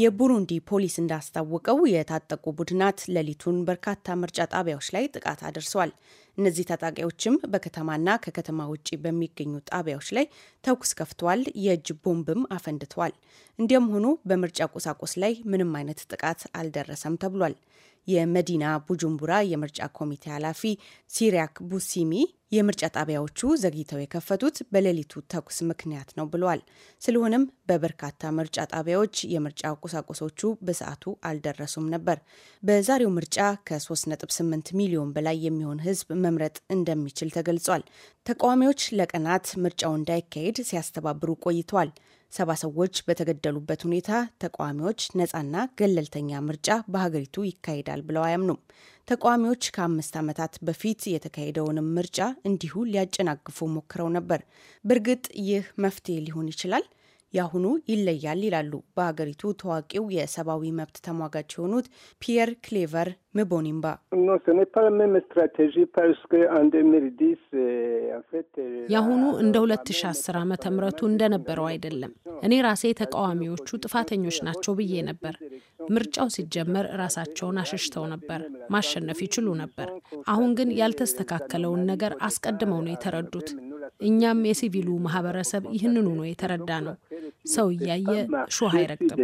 የቡሩንዲ ፖሊስ እንዳስታወቀው የታጠቁ ቡድናት ሌሊቱን በርካታ ምርጫ ጣቢያዎች ላይ ጥቃት አድርሰዋል። እነዚህ ታጣቂዎችም በከተማና ከከተማ ውጭ በሚገኙ ጣቢያዎች ላይ ተኩስ ከፍተዋል። የእጅ ቦምብም አፈንድተዋል። እንዲያም ሆኖ በምርጫ ቁሳቁስ ላይ ምንም አይነት ጥቃት አልደረሰም ተብሏል። የመዲና ቡጁምቡራ የምርጫ ኮሚቴ ኃላፊ ሲሪያክ ቡሲሚ የምርጫ ጣቢያዎቹ ዘግይተው የከፈቱት በሌሊቱ ተኩስ ምክንያት ነው ብሏል። ስለሆነም በበርካታ ምርጫ ጣቢያዎች የምርጫ ቁሳቁሶቹ በሰዓቱ አልደረሱም ነበር። በዛሬው ምርጫ ከ3.8 ሚሊዮን በላይ የሚሆን ሕዝብ መምረጥ እንደሚችል ተገልጿል። ተቃዋሚዎች ለቀናት ምርጫው እንዳይካሄድ ሲያስተባብሩ ቆይተዋል። ሰባ ሰዎች በተገደሉበት ሁኔታ ተቃዋሚዎች ነፃና ገለልተኛ ምርጫ በሀገሪቱ ይካሄዳል ብለው አያምኑም። ተቃዋሚዎች ከአምስት ዓመታት በፊት የተካሄደውንም ምርጫ እንዲሁ ሊያጨናግፉ ሞክረው ነበር። በእርግጥ ይህ መፍትሄ ሊሆን ይችላል? የአሁኑ ይለያል ይላሉ በሀገሪቱ ታዋቂው የሰብአዊ መብት ተሟጋች የሆኑት ፒየር ክሌቨር ምቦኒምባ። የአሁኑ euh, euh, እንደ 2010 ዓመተ ምህረቱ እንደነበረው አይደለም። እኔ ራሴ ተቃዋሚዎቹ ጥፋተኞች ናቸው ብዬ ነበር። ምርጫው ሲጀመር ራሳቸውን አሸሽተው ነበር። ማሸነፍ ይችሉ ነበር። አሁን ግን ያልተስተካከለውን ነገር አስቀድመው ነው የተረዱት። እኛም የሲቪሉ ማህበረሰብ ይህንኑ ነው የተረዳ ነው። ሰው እያየ ሾህ አይረግጥም።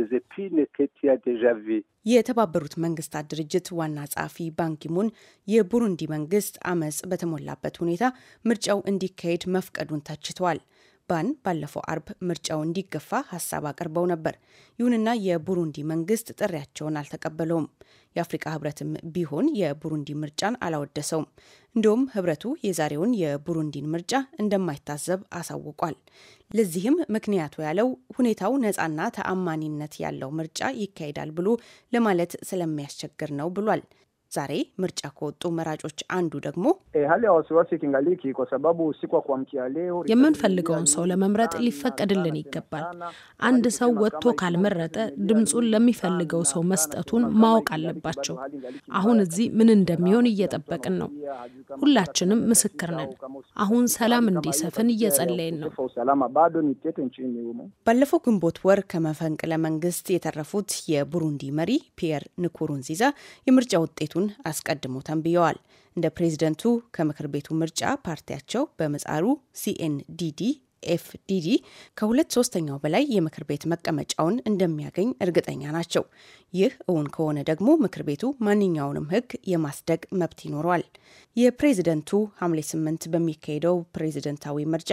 የተባበሩት መንግስታት ድርጅት ዋና ጸሐፊ ባንኪሙን የቡሩንዲ መንግስት አመጽ በተሞላበት ሁኔታ ምርጫው እንዲካሄድ መፍቀዱን ተችቷል። ባን ባለፈው አርብ ምርጫው እንዲገፋ ሀሳብ አቅርበው ነበር። ይሁንና የቡሩንዲ መንግስት ጥሪያቸውን አልተቀበለውም። የአፍሪቃ ህብረትም ቢሆን የቡሩንዲ ምርጫን አላወደሰውም። እንዲሁም ህብረቱ የዛሬውን የቡሩንዲን ምርጫ እንደማይታዘብ አሳውቋል። ለዚህም ምክንያቱ ያለው ሁኔታው ነፃና ተአማኒነት ያለው ምርጫ ይካሄዳል ብሎ ለማለት ስለሚያስቸግር ነው ብሏል። ዛሬ ምርጫ ከወጡ መራጮች አንዱ ደግሞ የምንፈልገውን ሰው ለመምረጥ ሊፈቀድልን ይገባል። አንድ ሰው ወጥቶ ካልመረጠ ድምፁን ለሚፈልገው ሰው መስጠቱን ማወቅ አለባቸው። አሁን እዚህ ምን እንደሚሆን እየጠበቅን ነው። ሁላችንም ምስክር ነን። አሁን ሰላም እንዲሰፍን እየጸለይን ነው። ባለፈው ግንቦት ወር ከመፈንቅለ መንግስት የተረፉት የቡሩንዲ መሪ ፒየር ንኩሩንዚዛ የምርጫ ውጤቱ መኖሩን አስቀድሞ ተንብየዋል። እንደ ፕሬዝደንቱ ከምክር ቤቱ ምርጫ ፓርቲያቸው በምጻሩ ሲኤንዲዲ ኤፍዲዲ ከሁለት ሶስተኛው በላይ የምክር ቤት መቀመጫውን እንደሚያገኝ እርግጠኛ ናቸው። ይህ እውን ከሆነ ደግሞ ምክር ቤቱ ማንኛውንም ሕግ የማስደግ መብት ይኖረዋል። የፕሬዝደንቱ ሐምሌ 8 በሚካሄደው ፕሬዝደንታዊ ምርጫ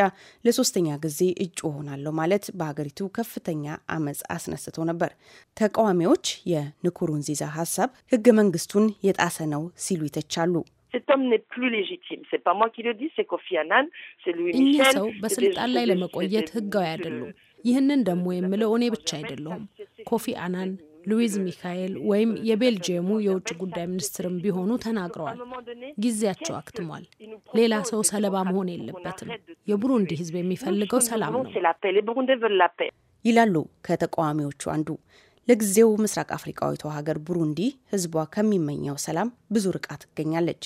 ለሶስተኛ ጊዜ እጩ ሆናለሁ ማለት በሀገሪቱ ከፍተኛ አመፅ አስነስቶ ነበር። ተቃዋሚዎች የንኩሩንዚዛ ሀሳብ ሕገ መንግስቱን የጣሰ ነው ሲሉ ይተቻሉ። cet homme n'est plus légitime. C'est pas moi qui le dis, c'est Kofi Annan, c'est lui Michel. እኚህ ሰው በስልጣን ላይ ለመቆየት de አይደሉም። ይህንን ደግሞ የምለው እኔ ብቻ አይደለሁም። ኮፊ አናን ሉዊዝ ሚካኤል ወይም የቤልጅየሙ የውጭ ጉዳይ ሚኒስትርም ቢሆኑ ተናግረዋል። ጊዜያቸው አክትሟል። ሌላ ሰው ሰለባ መሆን የለበትም። የቡሩንዲ ህዝብ የሚፈልገው ሰላም ነው ይላሉ ከተቃዋሚዎቹ አንዱ። ለጊዜው ምስራቅ አፍሪካዊቷ ሀገር ቡሩንዲ ህዝቧ ከሚመኘው ሰላም ብዙ ርቃ ትገኛለች።